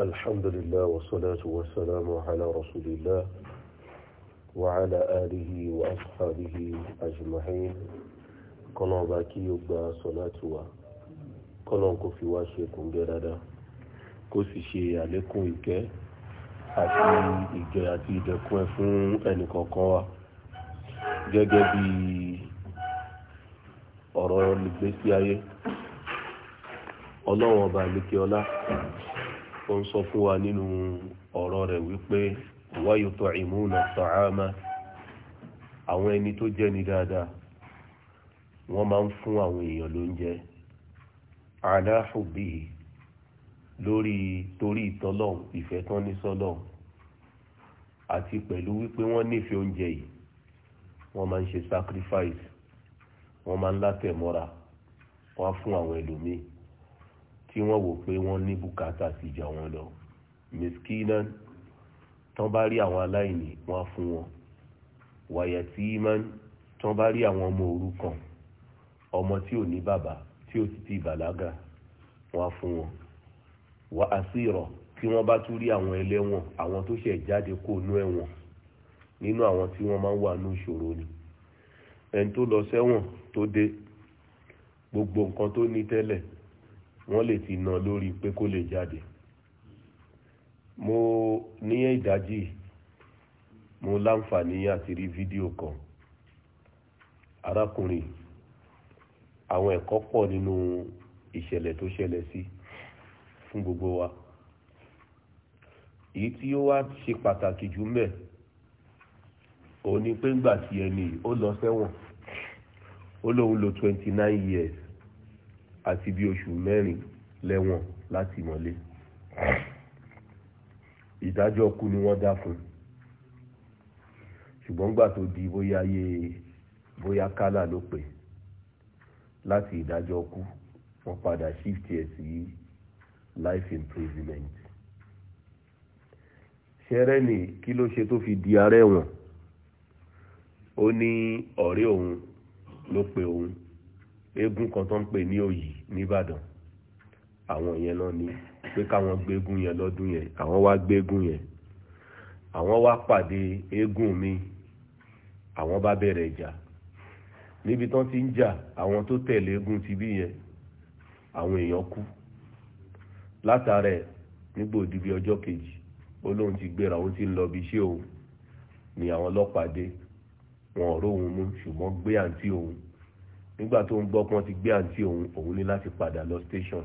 الحمد لله والصلاة والسلام على رسول الله وعلى آله وأصحابه أجمعين kọ́nà bá kí ó gba sọ́láàtì wa kọ́nà kó fi wá ṣe kùngẹ́ dáadáa kó sì ṣe àlékún ìkẹ́ àti ìgẹ̀ àti ìdẹ̀kùn ẹ̀ fún ẹnìkọ̀ọ̀kan wa gẹ́gẹ́ bí ọ̀rọ̀ ìgbésí ayé ọlọ́run ọba àlékè ọlá ó ń sọ fún wa nínú ọ̀rọ̀ rẹ̀ wípé wáyòtọ̀ ìmúna tọ̀hámà àwọn ẹni tó jẹ́ ni dáadáa wọ́n máa ń fún àwọn èèyàn lóúnjẹ aláhùbí lórí torí ìtọ́lọ̀ ìfẹ́ tán ní sọ́lọ̀ àti pẹ̀lú wípé wọ́n nífẹ̀ẹ́ oúnjẹ yìí wọ́n máa ń sacrifice wọ́n máa ń látẹ̀mọ́ra wọ́n fún àwọn ẹlòmíì tí wọ́n wò pé wọ́n ní bùkátà sí ìjà wọn lọ miskinan tán bá rí àwọn aláìní wọ́n á fún wọn wàyàtí imán tán bá rí àwọn ọmọ òrukàn ọmọ tí ò ní bàbá tí ò sì ti bàlágà wọ́n fún wọn wà á sí rọ tí wọ́n bá tún rí àwọn ẹlẹ́wọ̀n àwọn tó ṣẹ̀ jáde kó nú ẹ̀wọ̀n nínú àwọn tí wọ́n máa ń wà ní ìṣòro ni ẹni tó lọ sẹ́wọ̀n tó dé gbogbo nǹkan tó ní tẹ́lẹ̀ wọ́n lè ti nà lórí pé kó lè jáde mo ní ìdájí mo láǹfààní àti rí fídíò kan arákùnrin àwọn ẹ̀kọ́ pọ̀ nínú ìṣẹ̀lẹ̀ tó ṣẹlẹ̀ sí fún gbogbo wa èyí tí ó wá ṣe pàtàkì jù mẹ́ òun ni pé ńgbà tí ẹni ó lọ sẹ́wọ̀n ó lóun lò twenty nine years àti bí oṣù mẹ́rin lẹ́wọ̀n láti mọ́lé ìdájọ́ kú ni wọ́n dá fún ṣùgbọ́n gbà tó di bóyá yé bóyá kálà ló pè láti ìdájọ́ kú wọ́n padà shift ẹ̀ sí life imprisonment ṣẹ́rẹ́ ni kí ló ṣe tó fi di arẹ́wọ̀n ó ní ọ̀rẹ́ òun ló pe òun Egun kan tó ń pè ní òyì nìbàdàn àwọn yẹn náà ni pé káwọn gbégún yẹn lọ́dún yẹn àwọn wá gbégún yẹn àwọn wá pàdé eégún mi àwọn bá bẹ̀rẹ̀ ìjà níbi tán ti ń jà àwọn tó tẹ̀lé eégún ti bí yẹn àwọn èèyàn kú látàrẹ nígbò di bí ọjọ́ kejì ó lóun ti gbéra òun ti ń lọ bí iṣẹ́ òun ni àwọn ọlọ́pàá dé wọn ò róhun mú ṣùgbọ́n gbé àǹtí òun nígbà tó ń gbọ́ pọ́n ti gbé àǹtí òun òun ní láti padà lọ station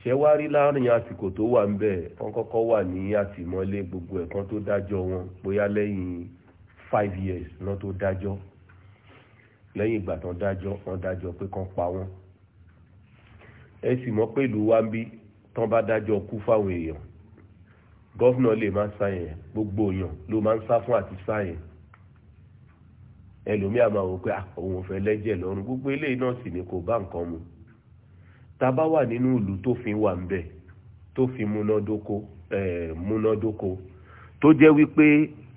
ṣé wá rí láàrin àsìkò tó wà ń bẹ̀ wọ́n kọ́kọ́ wà ní àtìmọ́lé gbogbo ẹ̀kan tó dájọ́ wọn bóyá lẹ́yìn five years náà tó dájọ́ lẹ́yìn ìgbà tán dájọ́ wọ́n dájọ́ pé kán pa wọ́n ẹ sì mọ̀ pé ìlú wa ń bí tán bá dájọ́ kú fáwọn èèyàn gọ́fúnà lè má sáyẹn gbogbo èèyàn ló máa ń sá fún àti sáyẹn ẹlòmíà máa wò pé ah, òun fẹ́ lẹ́jẹ̀ lọ́rùn gbogbo eléyìí náà sì ni kò bá nǹkan mu tá a bá wà nínú ìlú tó fi wà ń bẹ̀ tó fi múnádóko múnádóko tó jẹ́ wípé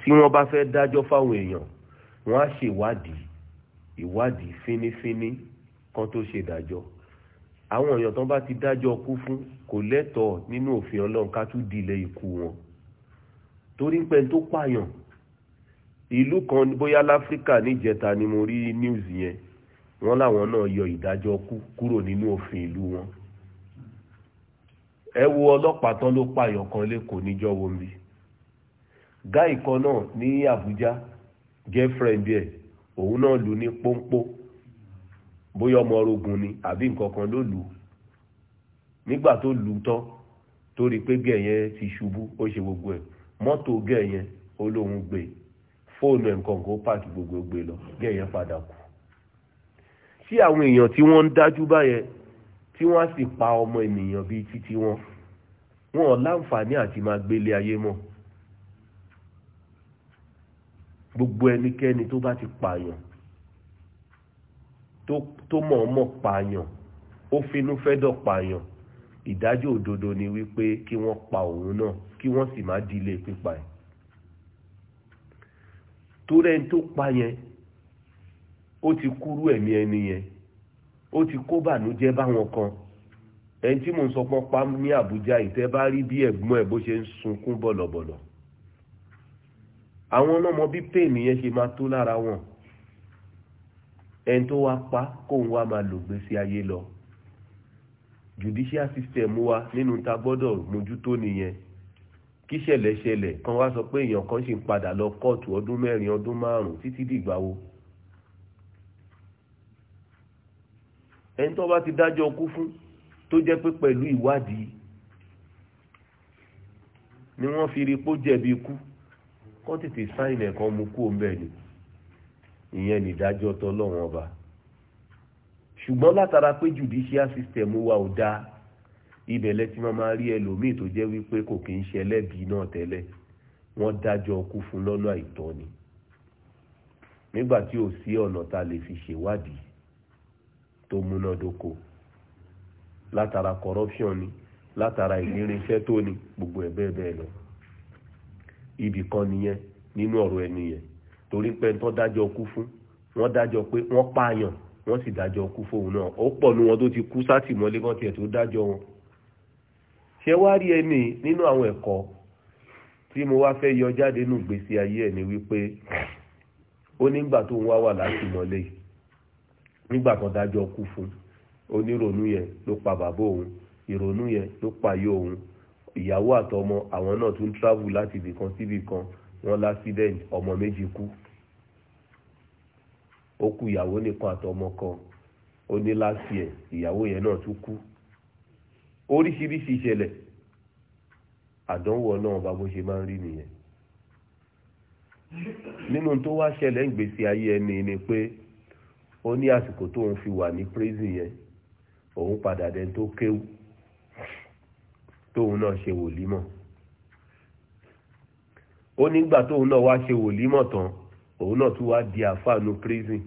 tí wọ́n bá fẹ́ dájọ́ fáwọn èèyàn wọ́n á ṣèwádìí ìwádìí fínífíní kan tó ṣe dájọ́ àwọn èèyàn tán bá ti dájọ́ kú fún kò lẹ́tọ̀ọ́ nínú òfin ọlọ́run ká tún dilẹ̀ ikú wọn torí pé tó pààyàn ìlú kan bóyá láfíríkà níjẹta ni mo rí news yẹn wọ́n láwọn náà yọ ìdájọ́ kú kúrò nínú òfin ìlú wọn ẹ wo ọlọ́pàá tán ló pààyàn kan lẹ́kọ̀ọ́ níjọ́ wo mi gáì kan náà ní Àbújá girlfriend ẹ̀ òun náà lù ní pọ́npọ́ bóyá ọmọ orogun ni àbí nǹkan kan ló lù nígbà tó lù tán torí pé gẹ̀ẹ́yẹn ti ṣubú ó ṣe gbogbo ẹ̀ mọ́tò gẹ̀ẹ́yẹn ó lóun gbé e fóònù ẹ̀ nǹkan kó pààkì gbogbo gbé lọ gẹ̀yẹn padà kú tí àwọn èèyàn tí wọ́n ń dájú báyẹn tí wọ́n á sì pa ọmọ ènìyàn bíi títí wọn wọn ò láǹfààní àti máa gbélé ayé mọ́ gbogbo ẹnikẹ́ni tó bá ti pààyàn tó mọ̀ọ́mọ̀ pààyàn ó finú fẹ́dọ̀ pààyàn ìdájọ́ òdodo ni wípé kí wọ́n pa òun náà kí wọ́n sì má dilé pípa ẹ̀ torí ẹni tó pa yẹn ó ti kúrú ẹ̀mí ẹni yẹn ó ti kó bànújẹ́ báwọn kan ẹni tí mò ń sọ pọ́n pa ní Àbújá ìtẹ́ bá rí bí ẹ̀gbọ́n ẹ̀ bó ṣe ń sunkún bọ̀lọ̀bọ̀lọ̀ àwọn ọlọ́mọ bí pèmí yẹn ṣe máa tó lára wọn ẹni tó wá pa kóun wá máa lògbé sí ayé lọ judicial system wa nínú ta gbọ́dọ̀ mójútó nìyẹn kí ṣẹlẹ̀ ṣẹlẹ̀ kan wá sọ pé èèyàn kan ṣì ń padà lọ kóòtù ọdún mẹ́rin ọdún márùn-ún títí dìgbà wo. ẹni tó bá ti dájọ́ ọkú fún tó jẹ́ pé pẹ̀lú ìwádìí ni wọ́n fi rí pó jẹ̀bi ikú kó tètè sáìn ẹ̀kan mu kú òun bẹ́ẹ̀ ni ìyẹn nìdájọ́ tọ́lọ́wọ́n ọba ṣùgbọ́n látara pé judicial system wa ò dáa ibẹ̀ lẹ́tí máa máa rí ẹlòmíì tó jẹ́ wípé kò kì í ṣe ẹlẹ́bìí náà tẹ́lẹ̀ wọ́n dájọ́ ọkú fún lọ́nà àìtọ́ ni nígbà tí ò sí ọ̀nà tá lè fi ṣèwádìí tó múnádóko látara corruption ni látara ìlérinṣẹ́ tó ni gbogbo ẹ̀ bẹ́ẹ̀ bẹ́ẹ̀ lọ ibì kan nìyẹn nínú ọ̀rọ̀ ẹni yẹn torí pé tó dájọ́ ọkú fún wọ́n dájọ́ pé wọ́n pààyàn wọ́n sì dájọ́ ọkú fóun náà ó pọ̀ nu wọn tó ti kú sátìmọ́lé kan tiẹ̀ tó dájọ́ wọn ṣé wá rí ẹni nínú àwọn ẹ̀kọ́ tí mo wá fẹ́ yọ jáde nù gbèsè ayé ẹ̀ ni wípé ó nígbà tó ń wá wà látìmọ́lé nígbà kan dájọ́ kú fún onírònú yẹn ló pa bàbá òun ìrònú yẹn ló payé òun ìyàwó àtọmọ àwọn náà tún travel láti ibìkan síbìkan wọn lásìdẹ́ǹt ọmọ méjì kú ó kú ìyàwó nìkan àtọmọ kan ó ní láti ẹ̀ ìyàwó yẹn náà tún kú oríṣiríṣi ìṣẹ̀lẹ̀ àdánwò ọlọ́run bá bó ṣe máa ń rí nìyẹn nínú tó wá ṣẹlẹ̀ ń gbèsè ayé ẹni ni pé ó ní àsìkò tóun fi wà ní prison yẹn òun padà dẹni tó kéwú tóun náà ṣe wòlímọ̀ ó nígbà tóun náà wá ṣe wòlímọ̀ tán òun náà tún wá di àfáànù prison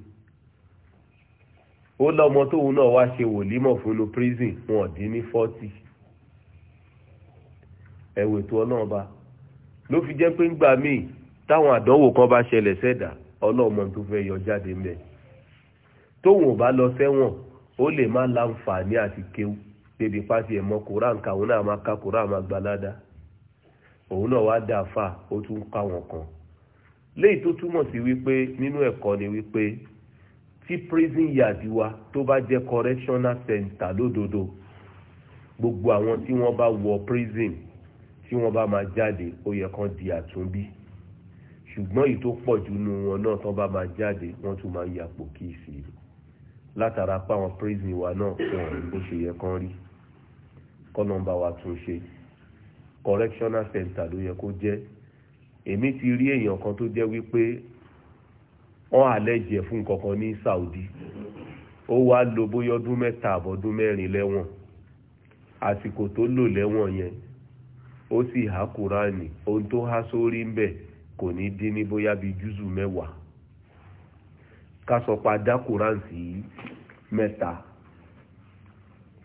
ó lọ́mọ tóun náà wá ṣe wòlímọ̀ fún inú prison wọn ò dín ní fọ́tì ẹ̀wẹ̀ tó ọlọ́run bá ló fi jẹ́ pé ńgbà míì táwọn àdánwò kan bá ṣẹlẹ̀ sẹ́dà ọlọ́mọ tó fẹ́ yọ jáde mẹ́ tóun ò bá lọ sẹ́wọ̀n ó lè má láǹfààní àti kéwú débi pàṣẹ ẹ̀mọ́ koran káwọn náà máa ká koran máa gbalada òun náà wá dáa fà ó tún káwọn kan léyìí tó túmọ̀ sí wípé nínú ẹ̀kọ́ ni wípé tí prison yard wa tó bá jẹ́ correctional center lódodo gbogbo àwọn tí wọ́n bá wọ prison tí wọ́n bá máa jáde ó yẹ kán di àtúnbí ṣùgbọ́n èyí tó pọ̀ jù nínú wọn náà tán bá máa jáde wọ́n tún máa yàpò kí í sí látara pa àwọn prison wa náà wọn rí bó ṣe yẹ kán rí kọ́ nọ́mbà wa tún ṣe correctional center ló yẹ kó jẹ́ èmi ti rí èèyàn kan tó jẹ́ wípé wọ́n àlẹ́jẹ̀ fún kankan ní Saudi ó wá lo bóyá ọdún mẹ́ta àbọ̀dún mẹ́rin lẹ́wọ̀n àsìkò tó lò lẹ́wọ̀n yẹn ó sì há kúránì ohun tó há sórí ń bẹ̀ kò ní dín ní bóyá bíi júzù mẹ́wàá ká dá mẹ́ta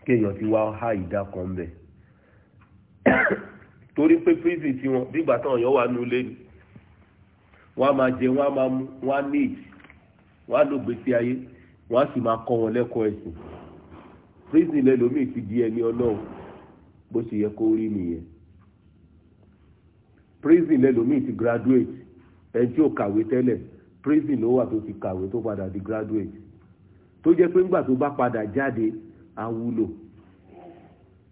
kéèyàn ti wá há ìdá kan bẹ̀ tiwọn bí wọ́n ma máa jẹ ma á máa mú wọ́n á ní ìdí wọ́n á lò gbèsè ayé wọ́n á sì máa kọ́ wọn lẹ́kọ̀ọ́ prison ti di ẹni ọlọ́run bó ṣe yẹ kó rí nìyẹn prison lẹ́lòmíì ti graduate ẹni tí ò kàwé tẹ́lẹ̀ prison ló wà tó ti kàwé tó padà di graduate tó jẹ́ pé ńgbà tó bá padà jáde awúlò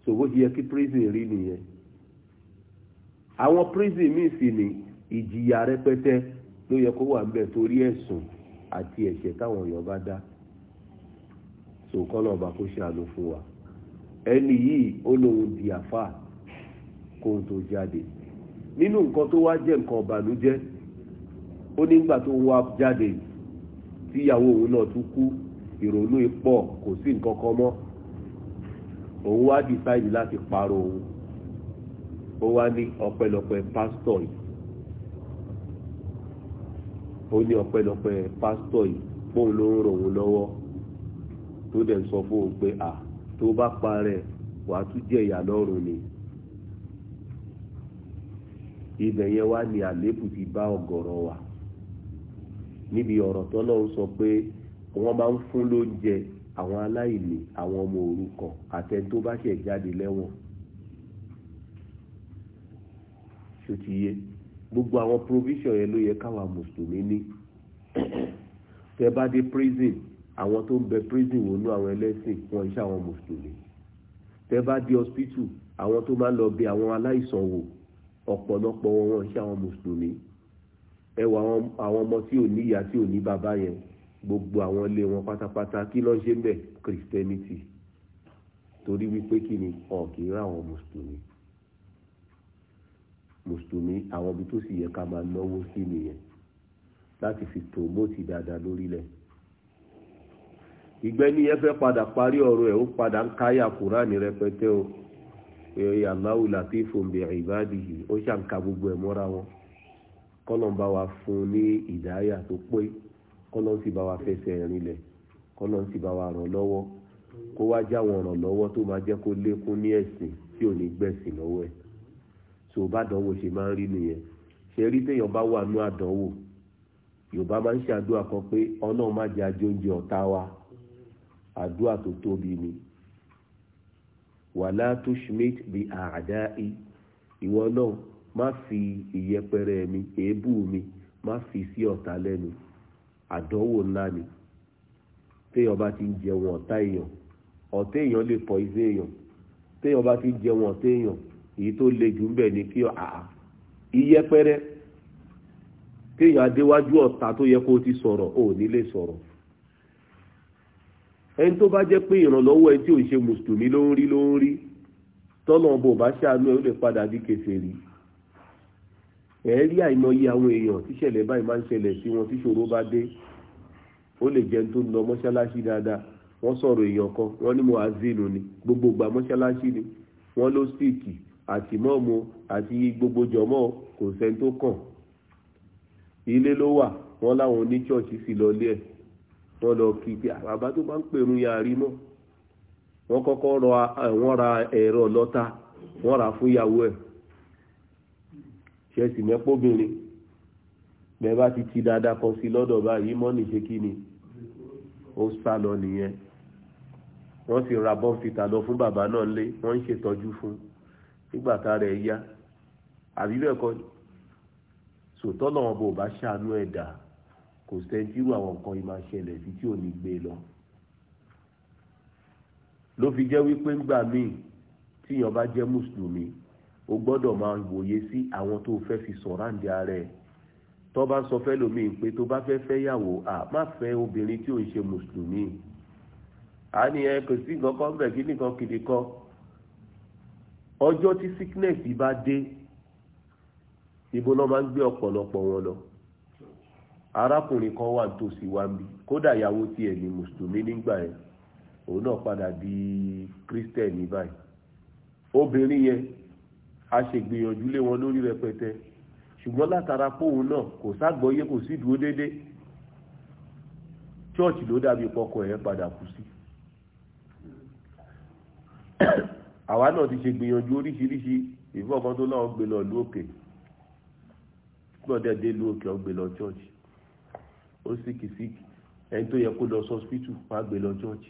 so bó ṣe yẹ kí prison rí nìyẹn àwọn prison míì sì ní ìjìyà rẹpẹtẹ ló yẹ kó wà níbẹ̀ torí ẹ̀sùn àti ẹ̀ṣẹ̀ táwọn èèyàn bá dá so kọ́nà ọba kó ṣe àánú fún wa ẹni yìí ó lóun di àfà kóun tó jáde nínú nǹkan tó wá jẹ́ nǹkan ọ̀bànújẹ́ ó nígbà tó wá jáde tíyàwó òun náà tún kú ìrònú ipò kò sí nǹkan kan mọ́ òun wá dìsáìdì láti parọ́ òun ó wá ní ọpẹ́lọpẹ́ pásítọ̀ yìí ó ní ọpẹ́lọpẹ́ pásítọ̀ yìí póun ló ń ràn òun lọ́wọ́ tó dẹ̀ sọ fún òun pé à tó bá parẹ́ wàá tún jẹ ìyà lọ́rùn ni ibẹ̀ yẹn wá ní àléébù ti bá ọ̀gọ̀rọ̀ wà níbi ọ̀rọ̀ tọ́lọ́run sọ pé wọ́n máa ń fún lóúnjẹ àwọn aláìní àwọn ọmọ òrukàn àtẹni tó bá ṣẹ̀ jáde lẹ́wọ̀n ṣó ti yé. gbogbo àwọn provision yẹn ló yẹ káwa mùsùlùmí ní tẹ́ bá dé prison àwọn tó ń bẹ prison wò nú àwọn ẹlẹ́sìn wọn iṣẹ́ àwọn mùsùlùmí tẹ́ bá dé hospital àwọn tó máa lọ bẹ àwọn aláìsàn wò ọ̀pọ̀lọpọ̀ wọn wọn iṣẹ́ àwọn mùsùlùmí ẹ wò àwọn ọmọ tí ò ní ìyá tí ò ní bàbá yẹn gbogbo àwọn ilé wọn pátápátá kí ló ṣe ń bẹ christianity torí wípé kí ni ọ̀kì ń ra àwọn mùsùlùmí mùsùlùmí àwọn ibi tó sì yẹ ká máa náwó sí nìyẹn láti fi promote dáadáa lórílẹ̀ ìgbẹ́ni yẹn fẹ́ padà parí ọ̀rọ̀ ẹ̀ ó padà ń káyà kúránì rẹpẹtẹ o èrè Allahu latifun bi ibadihi ó ṣàǹkà gbogbo ẹ̀ mọ́ra wọn kọ́lọ́n bá wa fún ní ìdáyà tó pé kọ́lọ́n sì bá wa fẹsẹ̀ rinlẹ̀ kọ́lọ́n sì bá wa ràn lọ́wọ́ kó wá jáwọn ràn lọ́wọ́ tó máa jẹ́ kó lékún ní ẹ̀sìn tí ò ní gbẹ̀sìn lọ́wọ́ ẹ̀ so bá dánwò ṣe máa ń rí nìyẹn ṣe rí téèyàn bá wà nú àdánwò yorùbá máa ń ṣàdúrà kan pé ọlọ́run má jẹ́ ajé oúnjẹ ọ̀tá wa àdúrà tó tóbi ni wàlá tó schmidt bí àdá i ìwọ náà má fi ìyẹpẹrẹ mi èébú mi má fi sí ọ̀tá lẹ́nu àdánwò ńlá ni téèyàn bá ti ń jẹun ọ̀tá èèyàn ọ̀tá èèyàn lè pọ̀ ìsé èèyàn téèyàn bá ti ń jẹun ọ̀tá èèyàn èyí tó le jù ń bẹ̀ ni kí àá iyẹpẹrẹ kéèyàn adéwájú ọ̀tá tó yẹ kó ti sọ̀rọ̀ ò ní lè sọ̀rọ̀ ẹni tó bá jẹ́ pé ìrànlọ́wọ́ ẹ tí ò ń ṣe mùsùlùmí ló ń rí ló ń rí tọ́nà bò bá ṣàánú ẹ ó lè padà di kèfèrí ẹ rí àìmọye àwọn èèyàn tíṣẹ̀lẹ̀ báyìí máa ń ṣẹlẹ̀ sí wọn tíṣòro bá dé ó lè jẹun tó ń lọ mọ́ṣáláṣí dáadáa wọ́n sọ̀rọ̀ èèyàn kan wọ́n ní mo àzínú ni gbogbo gbà mọ́ṣáláṣí ni wọ́n ló síìkì àti mọ́ọ̀mù àti gbogbo jọmọ́ kò sẹ́ni tó kàn ilé ló wà wọ́n láwọn ní chọ́ọ̀chì lọ lé ẹ̀ wọ́n lọ kí pé ah, àbábá tó bá ń pèrú ya rí mọ́ wọ́n kọ́kọ́ rọ eh, wọ́n ra ẹ̀rọ lọ́ta wọ́n rà fún ìyàwó ẹ̀ ṣẹ́sì mẹ́pọ́bìnrin bẹ́ẹ̀ bá ti ti dáadáa kan sí lọ́dọ̀ báyìí mọ́nì ṣe kí ni ó sá lọ nìyẹn wọ́n sì ra bọ́ǹfìtà lọ fún bàbá náà lé wọ́n ń ṣètọ́jú fún un nígbà tá rẹ̀ yá àbí bẹ́ẹ̀ kọ́ ni sòtọ́ lọ́wọ́ bó o bá ṣàánú ẹ̀dá kò sẹ́ńtírù àwọn nǹkan yìí máa ṣẹlẹ̀ sí tí ò ní gbé lọ ló fi jẹ́ wípé ńgbà míì tíyàn bá jẹ́ mùsùlùmí o gbọ́dọ̀ máa wòye sí àwọn tó fẹ́ fi sọ̀ráǹdì ara ẹ̀ tó bá sọ fẹ́ lómiì pé tó bá fẹ́ fẹ́yàwó à má fẹ́ obìnrin tí ò ń ṣe mùsùlùmí à kò sí nǹkan kan bẹ̀ kí nìkan kiri kan ọjọ́ tí sickness yìí bá dé ibo ló máa ń gbé ọ̀pọ̀lọpọ̀ wọn lọ arákùnrin kan wà nítòsí wa ń bí kódà ìyàwó tiẹ̀ ní mùsùlùmí nígbà yẹn òun náà padà di kírísítẹ̀nì báyìí obìnrin yẹn a ṣègbìyànjú lé wọn lórí rẹpẹtẹ ṣùgbọ́n látara póun náà kò ságbọ́yé kò sí dúró dédé chọ́ọ̀chì ló dàbí pọkọ ẹ̀ padà kú sí àwa náà ti ṣe gbìyànjú oríṣiríṣi ìfún ọkàn tó náà gbé lọ lu òkè gbọ́dọ̀ dé lu òkè ọgbé lọ church ó síkìsíkì ẹni tó yẹ kó lọ sọ́spítù wá gbé lọ church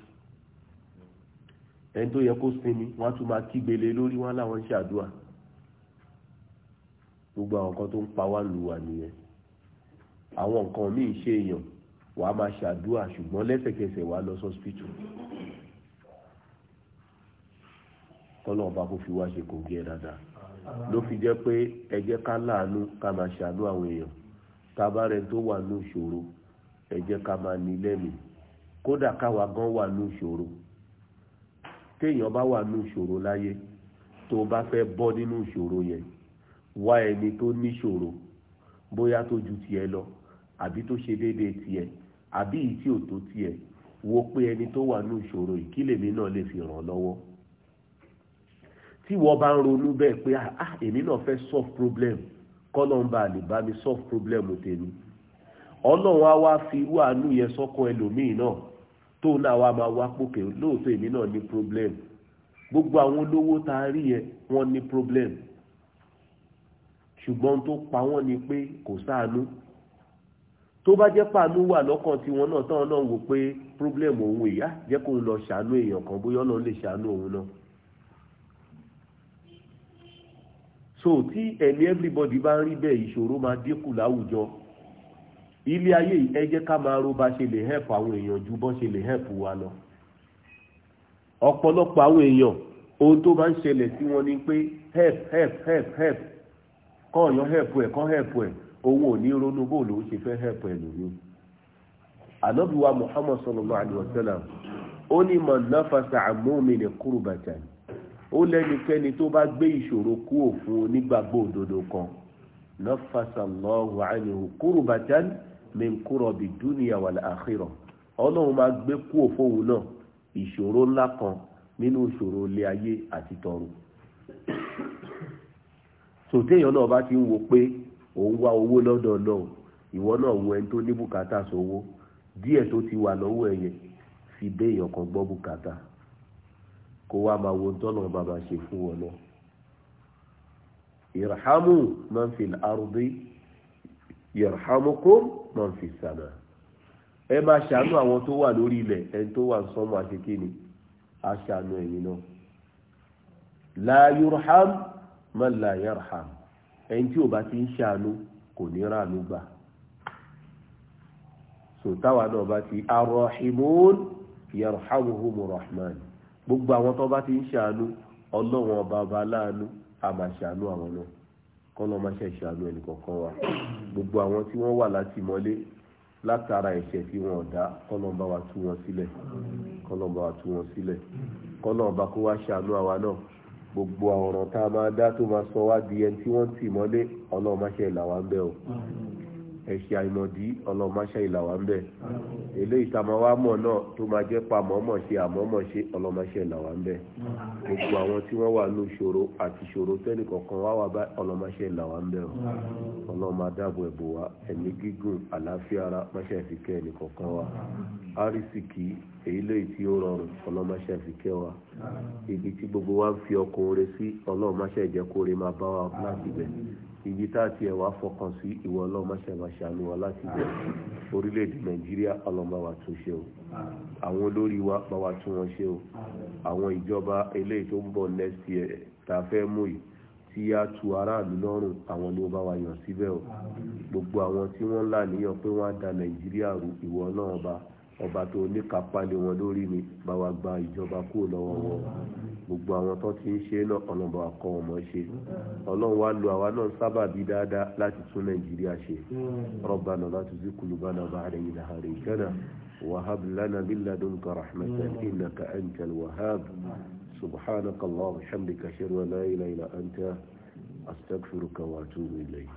ẹni tó yẹ kó sinmi wọ́n á tún máa kígbélé lórí wọn láwọn ń ṣàdúrà gbogbo àwọn kan tó ń pa wá lu wà nìyẹn àwọn nǹkan míì ṣe èèyàn wàá máa ṣàdúrà ṣùgbọ́n lẹ́sẹ̀kẹsẹ̀ wàá lọ sọ́spítù kọ́lọ́run bá kó fi wá ṣe kò gẹ́ dáadáa ló fi jẹ́ pé ẹ jẹ́ ká láàánú ká máa ṣàánú àwọn èèyàn ká bá rẹ tó wà ní ìṣòro ẹ jẹ́ ká máa ní lẹ́mìí kódà káwa gan wà ní ìṣòro téèyàn bá wà ní ìṣòro láyé tó bá fẹ́ bọ́ nínú ìṣòro yẹn wá ẹni tó níṣòro bóyá tó ju tiẹ̀ lọ àbí tó ṣe déédéé tiẹ̀ àbí ìtí ò tiẹ̀ wo pé ẹni tó wà ní ìṣòro yìí náà lè fi ràn lọ́wọ́ tí wọ́n bá ń ronú bẹ́ẹ̀ pé ah, ah èmi náà fẹ́ solve problem kọ́lọ́mbà lè bá mi solve problem tèmi ọlọ́run á wá fi irú àánú yẹn sọ́kàn ẹlòmíì náà tó náà wá máa wá pòkè lóòótọ́ èmi náà ní problem gbogbo àwọn olówó tá a rí yẹn wọ́n ní problem ṣùgbọ́n tó pa wọ́n ni pé kò sáànú tó bá jẹ́ pàánú wà lọ́kàn tiwọn náà táwọn náà wò pé problem òun ìyá ah, jẹ́ kóun lọ ṣàánú èèyàn kan bóyá ọlọ́run lè ṣàánú òun náà so ti ẹ̀mí everybody bá ń rí bẹ́ẹ̀ ìṣòro máa dínkù láwùjọ ilé ayé yìí ẹ jẹ́ ká máa ro bá ṣe lè help àwọn ju ṣe lè help wa lọ ọ̀pọ̀lọpọ̀ àwọn èèyàn ohun tó máa ń ṣẹlẹ̀ sí wọn ni pé help help help help kọ́ọ̀yàn help ẹ̀ kọ́ help ẹ̀ òun ò ronú bó lòun ṣe fẹ́ help ẹ̀ Muhammad ó ní ó lẹ́nikẹ́ni tó bá gbé ìṣòro kúò fún onígbàgbọ́ òdodo kan nafasallahu anhu kurbatan min kurabi dunya wal akhirah ọlọ́run máa gbé kúò fóun náà ìṣòro ńlá kan nínú ìṣòro ilé ayé àti tọrùn sòtéèyàn náà bá ti ń wo pé òun wá owó lọ́dọ̀ náà ìwọ náà wo ẹni tó ní bùkátà sówó díẹ̀ tó ti wà lọ́wọ́ ẹ̀yẹ fi béèyàn kan gbọ́ bùkátà kó wá máa wo tọ́nà ọba máa ṣe fún wọn náà irhamu man fil ardi yarhamukum man fis sama ẹ máa ṣàánú àwọn tó wà lórí ilẹ̀ ẹni tó wà ń sọ́mọ́ àti kíni á ṣàánú ẹ̀yin náà la yurham man ẹni tí ò bá ti ń ṣàánú kò ní ràánú gbà sòtáwà náà bá ti arrahimun yarhamuhumur rahman gbogbo àwọn tó bá ti ń ṣàánú ọlọ́wọ́n bàbá aláàánú àmà ṣàánú àwọn náà kọ́nà máa ṣe ṣàánú ẹnì kọ̀ọ̀kan wa gbogbo àwọn tí wọ́n wà láti mọ́lé látara ẹ̀ṣẹ̀ tí wọ́n dá kọ́nà bá wa tú wọn sílẹ̀ kọ́nà bá wa tú wọn sílẹ̀ kọ́nà bá kó wá ṣàánú àwa náà gbogbo àwọn tá a máa dá tó máa sọ wá di ẹni tí wọ́n tì mọ́lé ọlọ́run máa ṣe là wá ń bẹ́ o ẹ̀ṣẹ̀ àìmọ̀dí ọlọ́mọṣẹ́ ìlàwà ń bẹ̀ eléyìí tá a máa wá mọ̀ náà tó máa jẹ́ pa mọ̀ọ́mọ̀ṣe àmọ́mọ̀ṣe ọlọ́mọṣẹ́ ìlàwà ń bẹ̀ gbogbo àwọn tí wọ́n wà ní ṣòro àti ìṣòro tẹ́lẹ̀ kọ̀ọ̀kan wá wà bá ọlọ́mọṣẹ́ ìlàwà ń bẹ̀ ọlọ́mọ adáàbò ẹ̀bù wa ẹ̀mí gígùn àlàáfíà ara mọ́ṣẹ́ ìfikẹ́ ẹnì kọ̀ọ̀kan wa árísìkì èyí lóyìí ó rọrùn ọlọ́mọṣẹ́ ìfikẹ́ wa ibi tí gbogbo ibi tá a ti ẹ̀ wá fọkàn sí ìwọ ọlọ́mọṣẹ́mọṣẹ́ àánú wa láti bẹ̀ orílẹ̀-èdè nàìjíríà ọlọ́mọ wa tún ṣe o àwọn olórí wa bá wa tún wọn ṣe o àwọn ìjọba eléyìí tó ń bọ̀ next year tá a fẹ́ mú yìí tí a tu aráàlú lọ́rùn àwọn ni ó bá wa yàn síbẹ̀ o gbogbo àwọn tí wọ́n ń là níyàn pé wọ́n á da nàìjíríà rú ìwọ ọlọ́run ọba tó ní kápá lé wọn lórí mi bá wa gba ìjọba kúrò lọ́wọ́ wọn gbogbo àwọn tó ti ń ṣe náà ọlọ́mọba kọ́ ọmọ ṣe ọlọ́run wa lu àwa náà sábà bí dáadáa láti tún nàìjíríà ṣe rabbana la tuzigh qulubana ba'da idh hadaytana wa hab lana min ladunka rahmatan innaka antal wahhab subhanaka allahumma wa bihamdika ashhadu an la anta astaghfiruka wa atubu